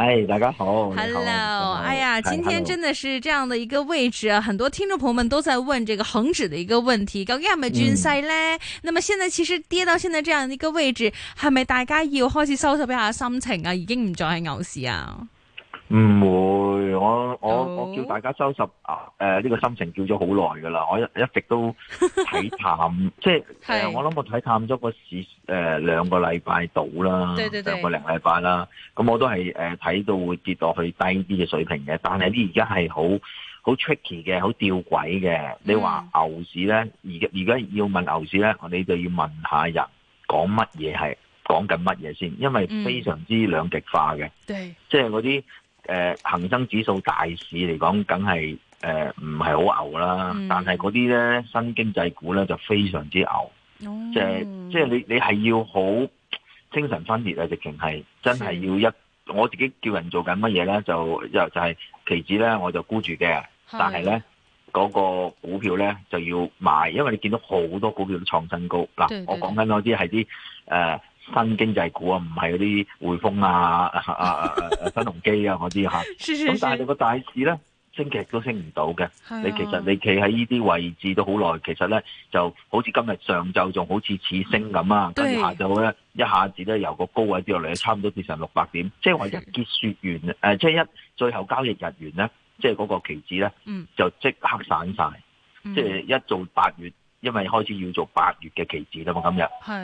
嗨、hey，大家好。Hello，好 hi，哎呀，今天真的是這樣的一個位置，啊，hey, 很多聽眾朋友們都在問這個恆指的一個問題，究竟係咪轉勢咧？那麼現在其實跌到現在這樣的一個位置，係咪大家要開始收拾一下心情啊？已經唔再係牛市啊？唔會，我我我叫大家收拾啊！誒、呃，呢、這個心情叫咗好耐噶啦，我一直都睇淡， 即係、呃、我諗我睇淡咗個市誒兩個禮拜到啦，對對對，兩個零禮拜啦，咁我都係誒睇到會跌落去低啲嘅水平嘅。但係啲而家係好好 tricky 嘅，好吊詭嘅。你話牛市咧，而而家要問牛市咧，你就要問下人講乜嘢係講緊乜嘢先，因為非常之兩極化嘅、嗯，即係嗰啲。誒、呃，恒生指數大市嚟講，梗係誒唔係好牛啦。Mm. 但係嗰啲咧新經濟股咧就非常之牛，mm. 即係即係你你係要好精神分裂啊！直情係真係要一我自己叫人做緊乜嘢咧，就又就係期指咧，我就沽住嘅。Mm. 但係咧嗰個股票咧就要買，因為你見到好多股票都創新高嗱、mm.。我講緊嗰啲係啲誒。呃新經濟股啊，唔係嗰啲匯豐啊、啊啊，啊新鴻基啊嗰啲嚇。咁 但係你個大市咧升極都升唔到嘅。你其實你企喺依啲位置都好耐，其實咧就好，今好似今日上晝仲好似似升咁啊，跟住下晝咧一下子咧由個高位跌落嚟，差唔多跌成六百點。即係話一結雪完，即係、呃就是、一最後交易日完咧，即係嗰個期指咧、嗯，就即刻散晒，即、嗯、係、就是、一做八月。因為開始要做八月嘅期指啦嘛，今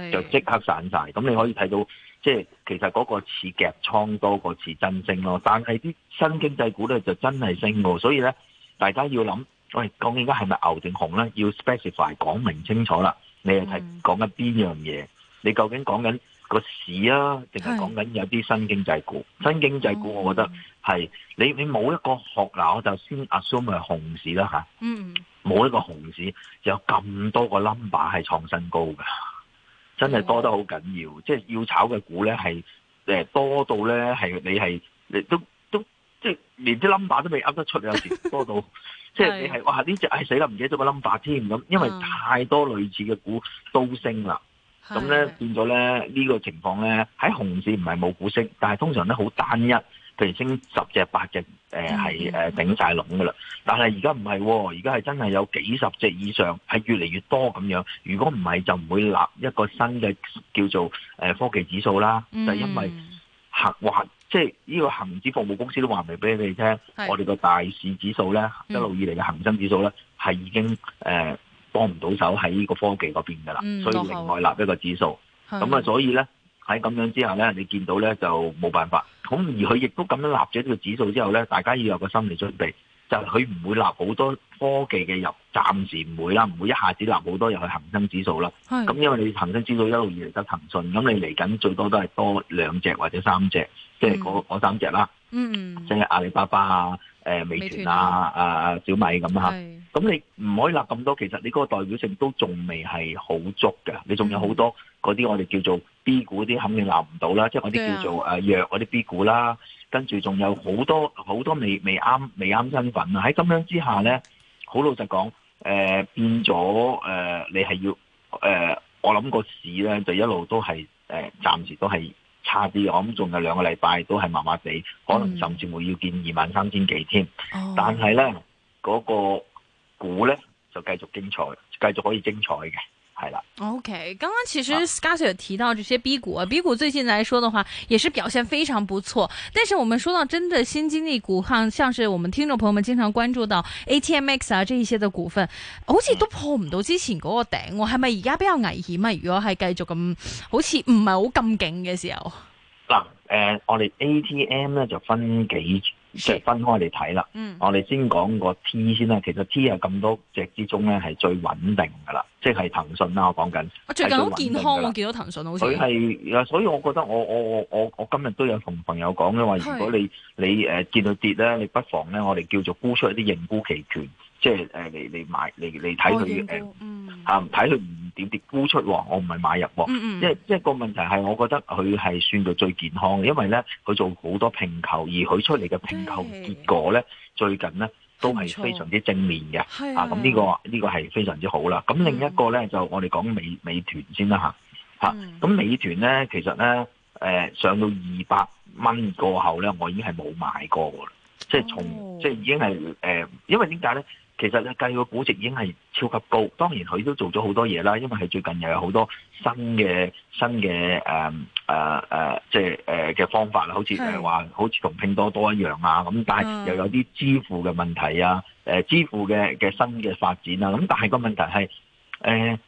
日就即刻散晒。咁你可以睇到，即係其實嗰個似夾倉多過似真升咯。但係啲新經濟股咧就真係升，所以咧大家要諗，喂，究竟而家係咪牛定熊咧？要 specify 講明清楚啦。你係睇講緊邊樣嘢，嗯？你究竟講緊個市啊，定係講緊有啲新經濟股？新經濟股我覺得係、嗯、你你冇一個學嗱，我就先 assume 係熊市啦吓。啊嗯冇一個熊市，有咁多個 number 係創新高噶，真係多得好緊要。嗯、即係要炒嘅股咧，係誒多到咧係你係你都都即係連啲 number 都未噏得出，有時多到 即係你係哇呢隻係、哎、死啦唔記得咗個 number 添咁，因為太多類似嘅股都升啦，咁、嗯、咧變咗咧呢、呢個情況咧喺熊市唔係冇股升，但係通常咧好單一。譬如升十隻八隻，誒係誒頂晒籠噶啦。但係而家唔係，而家係真係有幾十隻以上，係越嚟越多咁樣。如果唔係，就唔會立一個新嘅叫做誒、呃、科技指數啦。嗯、就係、因為行話，即係呢個恒指服務公司都話唔俾你聽，我哋個大市指數咧一路以嚟嘅恒生指數咧係已經誒幫唔到手喺呢個科技嗰邊噶啦，所以另外立一個指數。咁、嗯、啊，所以咧。喺咁樣之後咧，你見到咧就冇辦法。咁而佢亦都咁樣立咗呢個指數之後咧，大家要有個心理準備，就佢、係、唔會立好多科技嘅入，暫時唔會啦，唔會一下子立好多入去恒生指數啦。咁因為你恒生指數一路以嚟得騰訊，咁你嚟緊最多都係多兩隻或者三隻，嗯、即係嗰嗰三隻啦。嗯,嗯，即係阿里巴巴啊、美團啊,啊、啊、小米咁咁你唔可以立咁多，其實你嗰個代表性都仲未係好足嘅，你仲有好多嗰啲我哋叫做 B 股嗰啲，肯定立唔到啦，即係嗰啲叫做誒弱嗰啲 B 股啦、嗯，跟住仲有好多好多未未啱未啱身份啊！喺咁樣之下咧，好老實講誒、呃、變咗誒、呃、你係要誒、呃、我諗個市咧就一路都係誒暫時都係差啲，我諗仲有兩個禮拜都係麻麻地，可能甚至會要見二萬三千幾添、嗯。但係咧嗰個股咧就繼續精彩，繼續可以精彩嘅係啦。OK，剛剛其實 Scars 有提到這些 B 股啊，B 股最近來說的話，也是表現非常不錯。但是我們說到真的新經濟股，哈，像是我們聽眾朋友們經常關注到 ATMX 啊這一些的股份，好似都破唔到之前嗰個頂，係咪而家比較危險啊？如果係繼續咁，好似唔係好咁勁嘅時候。嗱，誒、呃，我哋 ATM 咧就分幾？即係分開嚟睇啦，我哋先講個 T 先啦。其實 T 係咁多隻之中咧，係最穩定噶啦，即係騰訊啦。我講緊，我最近好健康，我見到騰訊好似佢係，所以我覺得我我我我我今日都有同朋友講咧，話如果你你誒、呃、見到跌咧，你不妨咧，我哋叫做沽出一啲認沽期權。嗯即係誒，嚟嚟買嚟嚟睇佢誒，吓睇佢唔點跌沽出，我唔係買入，因、嗯、為、嗯、即為個問題係，我覺得佢係算到最健康，嘅因為咧佢做好多併購，而佢出嚟嘅併購結果咧，最近咧都係非常之正面嘅，吓咁呢個呢、這個係非常之好啦。咁另一個咧、嗯、就我哋講美美團先啦吓吓，咁、啊嗯、美團咧其實咧誒、呃、上到二百蚊過後咧，我已經係冇買過噶啦、哦，即係從即係已經係誒、呃，因為點解咧？其實呢計個估值已經係超級高，當然佢都做咗好多嘢啦，因為係最近又有好多新嘅新嘅誒誒誒，即係誒嘅方法啦，好似係話，好似同拼多多一樣啊，咁但係又有啲支付嘅問題啊，誒支付嘅嘅新嘅發展啊，咁但係個問題係誒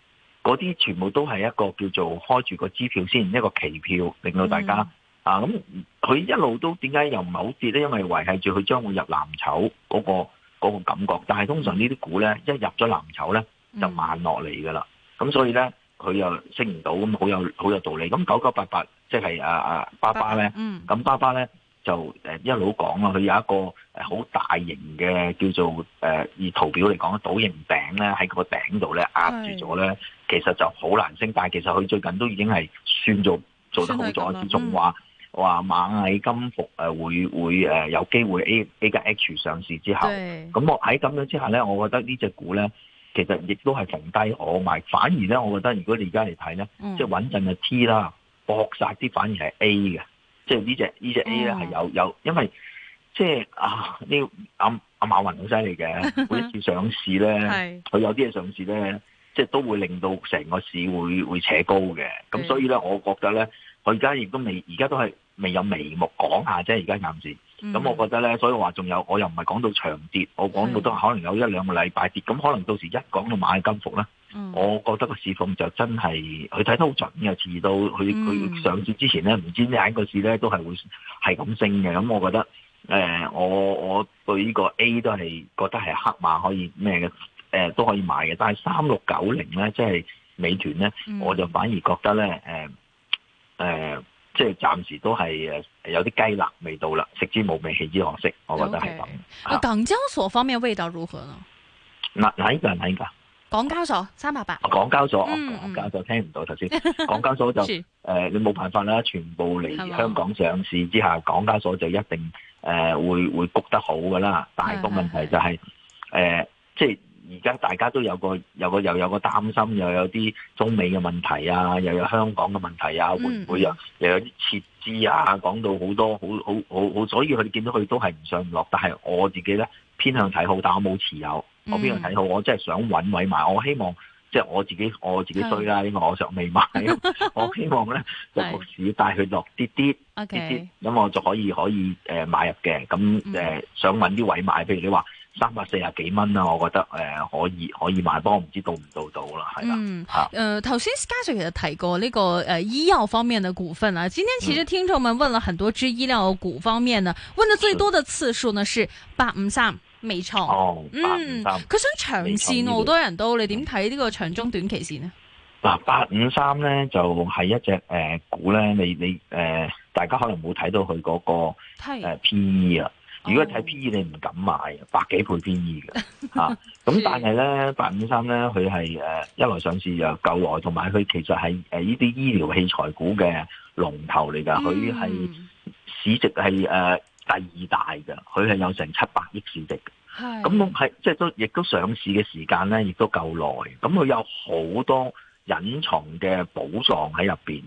嗰啲全部都係一個叫做開住個支票先，一個期票，令到大家、嗯、啊，咁佢一路都點解又唔係好跌咧？因為維繫住佢將會入藍籌嗰個。嗰、那個感覺，但係通常呢啲股咧一入咗藍籌咧就慢落嚟㗎啦，咁、嗯、所以咧佢又升唔到，咁好有好有道理。咁九九八八即係啊啊巴巴咧，咁巴巴咧就一路講啊，佢有一個好大型嘅叫做誒、呃、以圖表嚟講，島形頂咧喺個頂度咧壓住咗咧，其實就好難升，但係其實佢最近都已經係算做做得好咗之中話。嗯話螞蟻金服誒、啊、會會誒、呃、有機會 A A 加 H 上市之後，咁我喺咁樣之下咧，我覺得隻呢隻股咧其實亦都係逢低我買，反而咧我覺得如果你而家嚟睇咧，即係穩陣嘅 T 啦，搏殺啲反而係 A 嘅，即係呢隻呢隻 A 咧係有有，因為即係啊呢阿阿馬雲好犀利嘅，每一次上市咧，佢 有啲嘢上市咧，即係都會令到成個市會會扯高嘅，咁所以咧我覺得咧，佢而家亦都未而家都係。未有眉目講下即係，而家暫時。咁、嗯、我覺得咧，所以話仲有，我又唔係講到長跌，我講到都可能有一兩個禮拜跌，咁可能到時一講到買金服咧、嗯，我覺得個市況就真係佢睇得好準嘅，遲到佢佢上市之前咧，唔知點解，個市咧都係會係咁升嘅。咁我覺得，誒、呃、我我對呢個 A 都係覺得係黑馬可以咩嘅、呃，都可以買嘅。但係三六九零咧，即係美團咧，我就反而覺得咧，誒、呃呃即係暫時都係誒有啲雞肋味道啦，食之無味，棄之可惜，我覺得係咁。Okay. 啊，港、哦、交所方面味道如何呢？嗱，呢個、呢個。港交所三百八、八。港交所，港交所聽唔到頭先。港交所， 港交所就誒、呃，你冇辦法啦，全部嚟香港上市之下，港交所就一定誒、呃、會會谷得好㗎啦。但係個問題就係、是、誒、呃，即係。而家大家都有個有個又有個擔心，又有啲中美嘅問題啊，又有香港嘅問題啊，嗯、會唔會又又有啲撤資啊？講到好多好好好好，所以佢哋見到佢都係唔上唔落。但係我自己咧偏向睇好，但我冇持有、嗯。我偏向睇好，我真係想揾位買。我希望即係我自己我自己追啦，因為我尚未買。 我希望咧個市帶佢落啲啲，咁、okay. 我就可以可以誒買入嘅。咁、呃、想揾啲位買，譬如你話。三百四十幾蚊啦，我覺得誒、呃、可以可以買，我不過唔知道到唔到到啦，係啦嚇。誒頭先佳 sir 其實提過呢、這個誒、呃、醫藥方面嘅股份啊。今天其實聽眾們問了很多支醫療的股方面嘅、嗯，問的最多嘅次數呢是八五三冇錯。哦，八、嗯、佢、嗯、想長線好多人都，你點睇呢個長中短期線呢？嗱、啊，八五三咧就係、是、一隻誒、呃、股咧，你你誒、呃、大家可能冇睇到佢嗰、那個誒 P E 啦。如果睇 PE 你唔敢買，百幾倍 PE 嘅咁、 啊、但係咧，八五三咧，佢係一來上市又夠耐，同埋佢其實係呢啲醫療器材股嘅龍頭嚟㗎，佢、嗯、係市值係誒、呃、第二大㗎，佢係有成七百億市值係咁、嗯，即係都亦都上市嘅時間咧，亦都夠耐。咁佢有好多隱藏嘅寶藏喺入邊。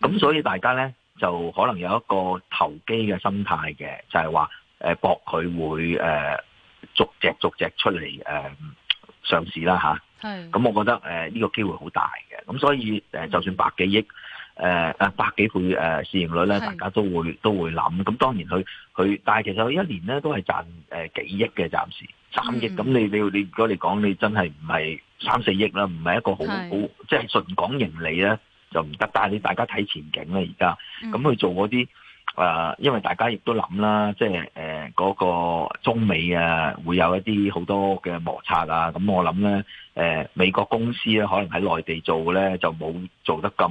咁、嗯、所以大家咧就可能有一個投機嘅心態嘅，就係、是、話。誒搏佢會誒、呃、逐隻逐隻出嚟誒、呃、上市啦吓咁，我覺得誒呢、呃這個機會好大嘅，咁、嗯、所以誒、呃、就算百幾億誒、呃、百幾倍誒、呃、市盈率咧，大家都會都會諗。咁、嗯、當然佢佢，但係其實佢一年咧都係賺誒幾億嘅，暫時三億。咁、嗯、你你你，如果你講你真係唔係三四億啦，唔係一個好好即係純講盈利咧就唔得。但係你大家睇前景咧而家，咁去、嗯嗯嗯、做嗰啲。啊、呃，因為大家亦都諗啦，即係誒嗰個中美啊，會有一啲好多嘅摩擦啊，咁我諗咧，誒、呃、美國公司咧、啊、可能喺內地做咧就冇做得咁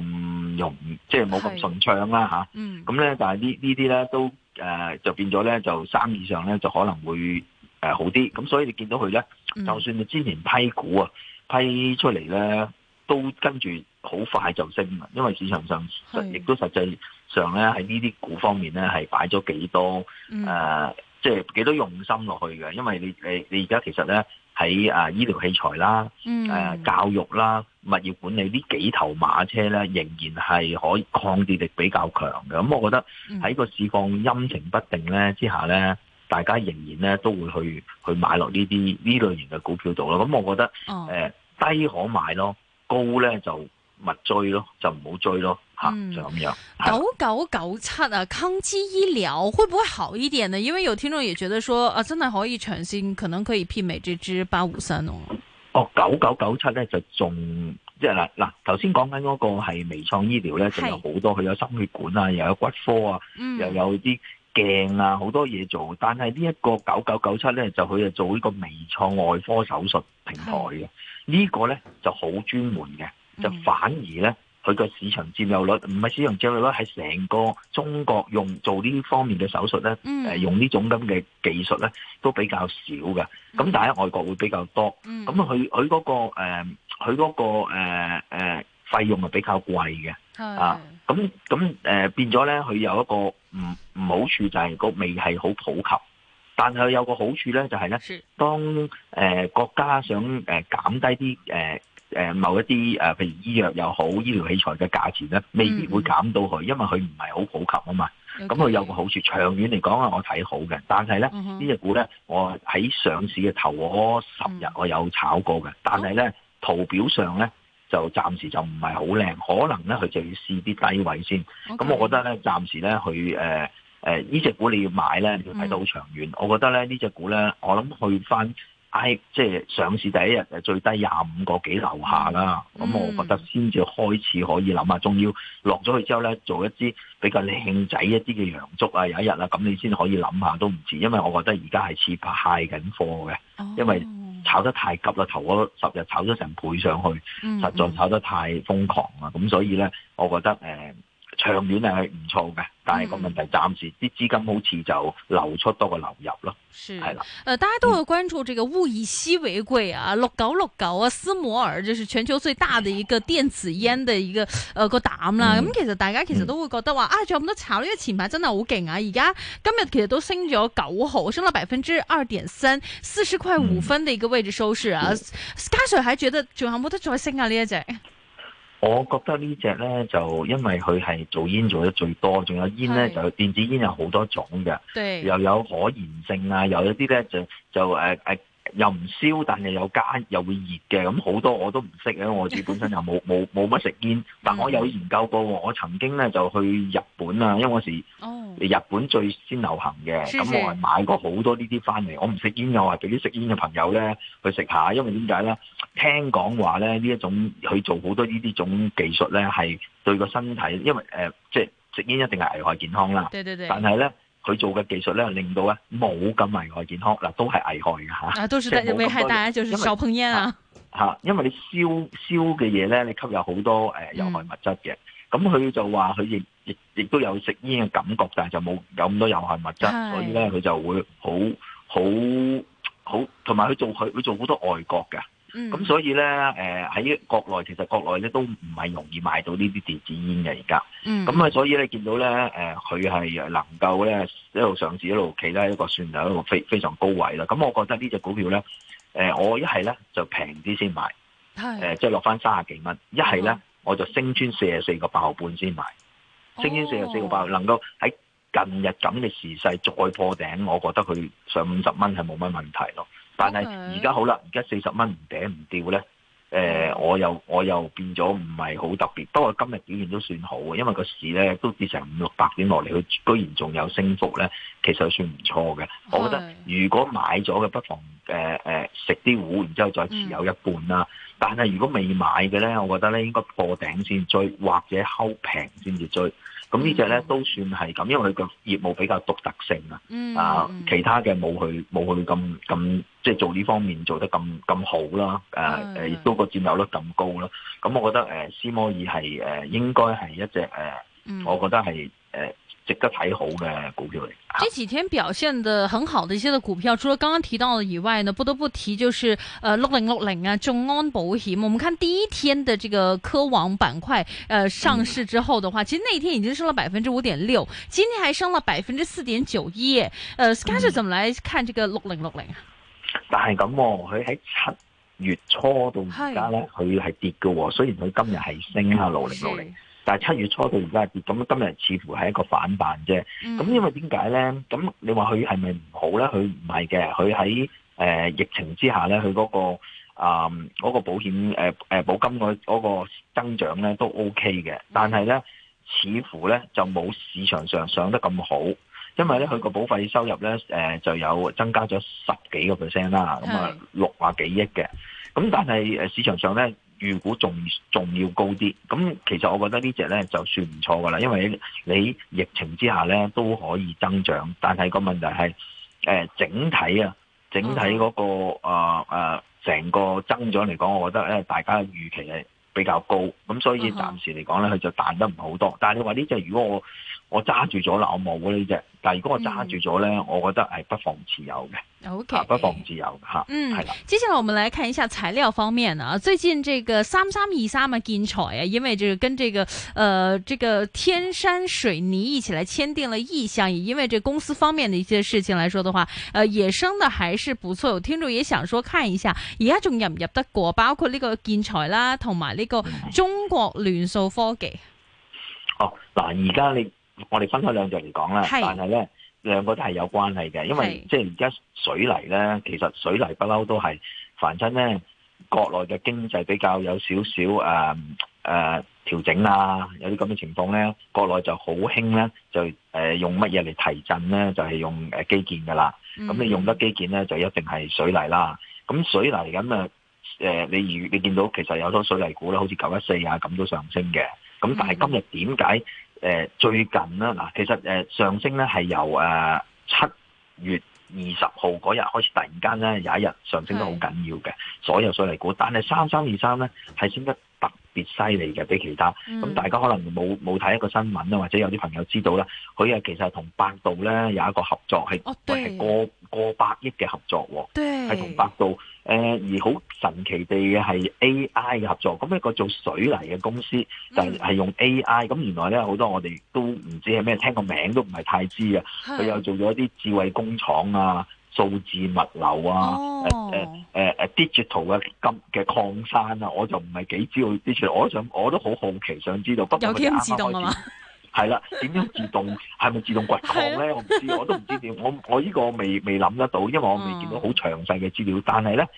容易，即係冇咁順暢啦吓咁咧，但係呢呢啲咧都誒就變咗咧，就生意上咧就可能會誒好啲。咁所以你見到佢咧、嗯，就算之前批股啊批出嚟咧，都跟住。好快就升，因為市場上亦都實際上咧，喺呢啲股方面咧，係擺咗幾多誒、嗯呃，即係幾多用心落去嘅。因為你你你而家其實咧喺啊醫療器材啦，誒、嗯、教育啦，物業管理呢幾頭馬車咧，仍然係可以抗跌力比較強嘅。咁、嗯嗯、我覺得喺個市況陰晴不定咧之下咧，大家仍然咧都會去去買落呢啲呢類型嘅股票度咯。咁我覺得、哦呃、低可買咯，高咧就～勿追咯，就唔好追咯，吓、嗯、就咁樣。九九九七啊，康基醫療會唔會好一點呢？因為有聽眾也覺得說，誒、啊，真係可以長線，可能可以媲美這支八五三哦。哦，九九九七咧就仲即係嗱嗱，頭先講緊嗰個係微創醫療咧，仲有好多佢有心血管啊，又有骨科啊，嗯、又有啲鏡啊，好多嘢做。但係呢一個九九九七咧，就佢係做呢個微創外科手術平台嘅，這個、呢個咧就好專門嘅。就反而咧，佢個市場佔有率唔係市場佔有率，係成個中國用做呢方面嘅手術咧，誒、嗯，用這種這呢種咁嘅技術咧，都比較少嘅。咁、嗯、但係喺外國會比較多。咁佢佢嗰個誒，佢、呃、嗰、那個誒誒，費、呃呃、用係比較貴嘅。啊，咁咁誒，變咗咧，佢有一個唔唔好處就係個未係好普及。但係有個好處咧，就係、是、咧，當誒、呃、國家想誒減、呃、低啲誒。呃誒、呃、某一啲誒、呃，譬如醫藥又好，醫療器材嘅價錢咧，未必會減到佢，mm -hmm. 因為佢唔係好普及啊嘛。咁、okay. 佢有個好處，長遠嚟講啊，我睇好嘅。但係咧，mm -hmm. 呢隻股咧，我喺上市嘅頭嗰十日，我有炒過嘅。Mm -hmm. 但係咧，圖表上咧就暫時就唔係好靚，可能咧佢就要試啲低位先。咁、okay. 我覺得咧，暫時咧佢誒呢隻、呃呃這個、股你要買咧，你要睇到好長遠。Mm -hmm. 我覺得咧呢隻、這個、股咧，我諗去翻。喺即係上市第一日就最低廿五個幾樓下啦，咁我覺得先至開始可以諗、嗯、下，仲要落咗去之後咧，做一支比較靚仔一啲嘅陽燭啊，有一日啦、啊，咁你先可以諗下都唔遲，因為我覺得而家係似派緊貨嘅，因為炒得太急啦，頭嗰十日炒咗成倍上去，實在炒得太瘋狂啦，咁所以咧，我覺得、呃場面係唔錯嘅，但係個問題暫時啲資、嗯、金好似就流出多過流入咯。係啦，誒、呃，大家都會關注這個物以稀為貴啊，六九六九啊，斯摩爾就是全球最大的一個電子煙嘅一個誒個膽啦。咁、嗯呃嗯嗯嗯、其實大家其實都會覺得話啊，仲有冇得炒？呢？因為前排真係好勁啊！而家今日其實都升咗九毫，升到百分之二點三，四十塊五分嘅一個位置收市啊。嗯、加上係覺得仲有冇得再升啊？呢一隻？我覺得呢隻呢，就因為佢係做煙做得最多，仲有煙呢，就電子煙有好多種嘅，對又有可燃性啊，又有啲呢，就就、啊啊又唔燒，但係又加又會熱嘅，咁好多我都唔識嘅。我自己本身又冇冇冇乜食煙，但我有研究過。我曾經咧就去日本啦，因為我時日本最先流行嘅，咁 我係買過好多呢啲翻嚟。我唔食煙，我話俾啲食煙嘅朋友咧去食下，因為點解咧？聽講話咧呢一種去做好多呢啲種技術咧，係對個身體，因為、呃、即係食煙一定係危害健康啦。對對對，但係咧。佢做嘅技術咧，令到咧冇咁危害健康嗱，都係危害嘅，吓啊，都係危害大家，啊，就係少碰煙啊，啊，啊！因為你燒燒嘅嘢咧，你吸入好多誒、呃、有害物質嘅。咁、嗯、佢就話佢亦亦亦都有食煙嘅感覺，但係就冇有咁多有害物質，啊、所以咧佢就會好好好，同埋佢做佢佢做好多外國嘅。咁、嗯、所以咧，誒、呃、喺國內其實國內咧都唔係容易買到呢啲電子煙嘅而家。咁、嗯、啊，所以咧見到咧，誒佢係能夠咧一路上市一路企咧一個算係一個非非常高位啦。咁、嗯、我覺得呢隻股票咧，誒、呃、我一係咧就平啲先買，誒、呃、即係落翻三十幾蚊；一係咧我就升穿四十四個八毫半先買、哦，升穿四十四個八毫，能夠喺近日咁嘅時勢再破頂，我覺得佢上五十蚊係冇乜問題咯。但係而家好啦，而家四十蚊唔頂唔掉呢。呃、我又我又變咗唔係好特別。不過今日表現都算好嘅，因為個市呢都跌成五六百點落嚟，佢居然仲有升幅呢。其實算唔錯嘅。我覺得如果買咗嘅不妨食啲、呃呃、糊，然之後再持有一半啦。嗯、但係如果未買嘅呢，我覺得呢應該破頂先追，或者睺平先至追。咁呢隻咧都算係咁，因為佢個業務比較獨特性啊，啊、嗯、其他嘅冇去冇去咁咁即係做呢方面做得咁咁好啦，亦都個佔有率咁高啦，咁、嗯嗯、我覺得誒、呃、斯摩爾係應該係一隻、呃嗯、我覺得係值得睇好嘅股票嚟。呢、啊、幾天表現得很好的一些的股票，除了剛剛提到的以外呢，不得不提就是，誒六零六零啊，眾安保險。我們看第一天的這個科網板塊，誒、呃、上市之後的話，其實那一天已經升了百分之五點六，今天還升了百分之四點九一。誒、啊、，Scatter，、呃嗯、怎麼來看這個六零六零啊？但係咁，佢喺七月初到而家咧，佢係跌嘅、哦，雖然佢今日係升啊六零六零。嗯但係七月初到而家咁，今日似乎係一個反彈啫。咁因為點解咧？咁你話佢係咪唔好咧？佢唔係嘅，佢喺、呃、疫情之下咧，佢嗰、嗰個啊嗰、呃嗰個、保險、呃、保金嗰個增長咧都 OK 嘅。但係咧，似乎咧就冇市場上上得咁好，因為咧佢個保費收入咧、呃、就有增加咗十幾個 percent 啦，咁啊六啊幾億嘅。咁但係市場上咧。預估仲仲要高啲，咁其實我覺得呢隻呢，就算唔錯㗎啦，因為你疫情之下呢都可以增長，但係個問題係、呃、整體啊，整體嗰、嗰個啊成、呃呃、個增長嚟講，我覺得呢大家預期係比較高，咁所以暫時嚟講呢，佢就彈得唔好多。但係你話呢隻如果我，我揸住咗啦，我冇嗰呢隻。但係如果我揸住咗咧，我覺得係不妨持有嘅。O、okay. K，、啊、不妨持有的。吓、啊。嗯，係啦。接下來我們來看一下材料方面啊。最近這個三三二三嘅建材、啊，因為就是跟這個，呃，這個天山水泥一起來簽訂了意向。也因為這公司方面的一些事情來說的話，呃，野生的還是不錯。有聽眾也想說看一下，而家仲入唔入得過，包括呢個建材啦，同埋呢個中國聯塑科技。哦、嗯，嗱、啊，而家你。我哋分開兩隻嚟講啦，但係咧兩個都係有關係嘅，因為即係而家水泥咧，其實水泥不嬲都係。凡親咧，國內嘅經濟比較有少少誒誒調整啊，啊整啦有啲咁嘅情況咧，國內就好興咧，就、呃、用乜嘢嚟提振咧，就係、是、用基建噶啦。咁、嗯、你用得基建咧，就一定係水泥啦。咁水泥咁啊、呃、你如你見到其實有多水泥股咧，好似九一四啊咁都上升嘅。咁但係今日點解？嗯誒最近啦嗱，其實誒上升咧係由誒七月二十號嗰日那開始，突然間咧有一日上升得好緊要嘅，所有水泥股，但係三三二三咧係升得特別犀利嘅，比其他咁、嗯、大家可能冇冇睇一個新聞啦，或者有啲朋友知道啦，佢啊其實同百度咧有一個合作，係係、哦、過過百億嘅合作喎，係同百度。誒，而好神奇地嘅係 A.I. 嘅合作，咁一個做水泥嘅公司就係、是、用 A.I. 咁、嗯、原來咧好多我哋都唔知係咩，聽個名都唔係太知啊。佢又做咗啲智慧工廠啊，數字物流啊，誒誒誒 digital 嘅金嘅礦山啊，我就唔係幾知道 digital。我都想，我都好好奇想知道，不過佢哋啱啱開始。係 啦，點樣自動係咪自動掘礦咧？我唔知，我都唔知點。我我呢個未未諗得到，因為我未見到好詳細嘅資料。但係咧，呢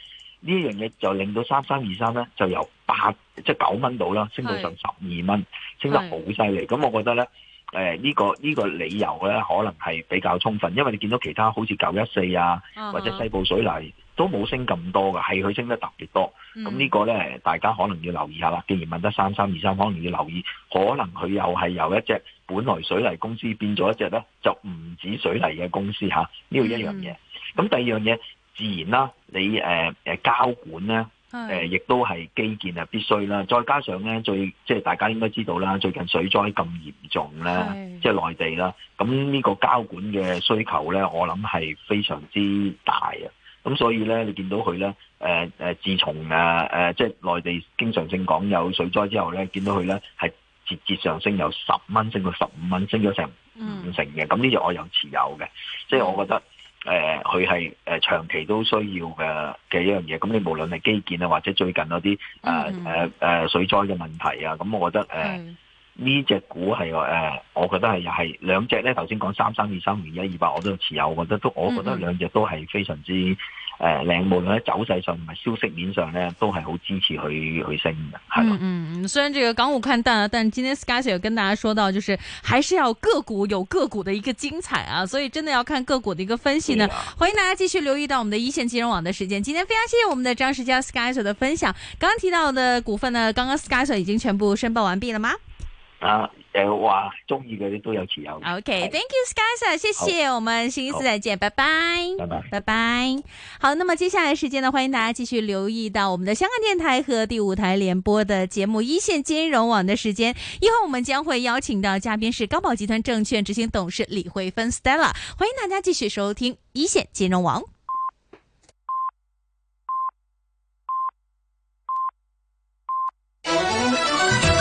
一樣嘢就令到三三二三咧，就由八即係九蚊到啦，升到上十二蚊，升得好犀利。咁我覺得咧，呢、呃呢個呢、呢個理由咧，可能係比較充分，因為你見到其他好似九一四啊，或者西部水泥。嗯都冇升咁多㗎，係佢升得特別多。咁呢個咧，大家可能要留意下啦。既然問得三三二三，可能要留意，可能佢又係由一隻本來水泥公司變咗一隻咧，就唔止水泥嘅公司嚇。呢、啊、個一樣嘢。咁、嗯、第二樣嘢，自然啦，你誒誒、呃、膠管咧，亦都係基建啊必須啦。再加上咧，最即係大家應該知道啦，最近水災咁嚴重咧，即係內地啦，咁呢個膠管嘅需求咧，我諗係非常之大啊！咁所以咧，你見到佢咧、呃，自從啊、呃、即係內地經常性講有水災之後咧，見到佢咧係節節上升，由十蚊升到十五蚊，升咗成五成嘅。咁呢隻我有持有嘅，即係我覺得誒，佢係誒長期都需要嘅嘅一樣嘢。咁你無論係基建啊，或者最近嗰啲誒水災嘅問題啊，咁我覺得誒。嗯呃呢隻股係誒，我覺得係又係兩隻咧。頭先講三三二三二一二八，我都持有，我覺得都，我覺得兩隻都係非常之誒靚門咧。呃、無論無論走勢上同埋消息面上咧，都係好支持佢去升嘅，係嗯嗯，雖然這個港股看淡，但今天 Sky Sir 跟大家說到，就是還是要個股有個股的一個精彩啊。所以真的要看個股的一個分析呢。啊、歡迎大家繼續留意到我們的一線金融網的時間。今天非常謝謝我們的張士佳 Sky Sir 的分享。剛剛提到的股份呢，剛剛 Sky Sir 已經全部申報完畢了嗎？啊，誒、呃，話中意嗰啲都有持有。OK，Thank、okay, you，Sky Sir，謝謝我們，星期四再見，拜拜，拜拜，拜拜，好，那麼接下來時間呢，歡迎大家繼續留意到我們的香港電台和第五台聯播的節目《一線金融網》的時間。以後我們將會邀請到嘉賓是高寶集團證券執行董事李慧芬 Stella，歡迎大家繼續收聽《一線金融網》。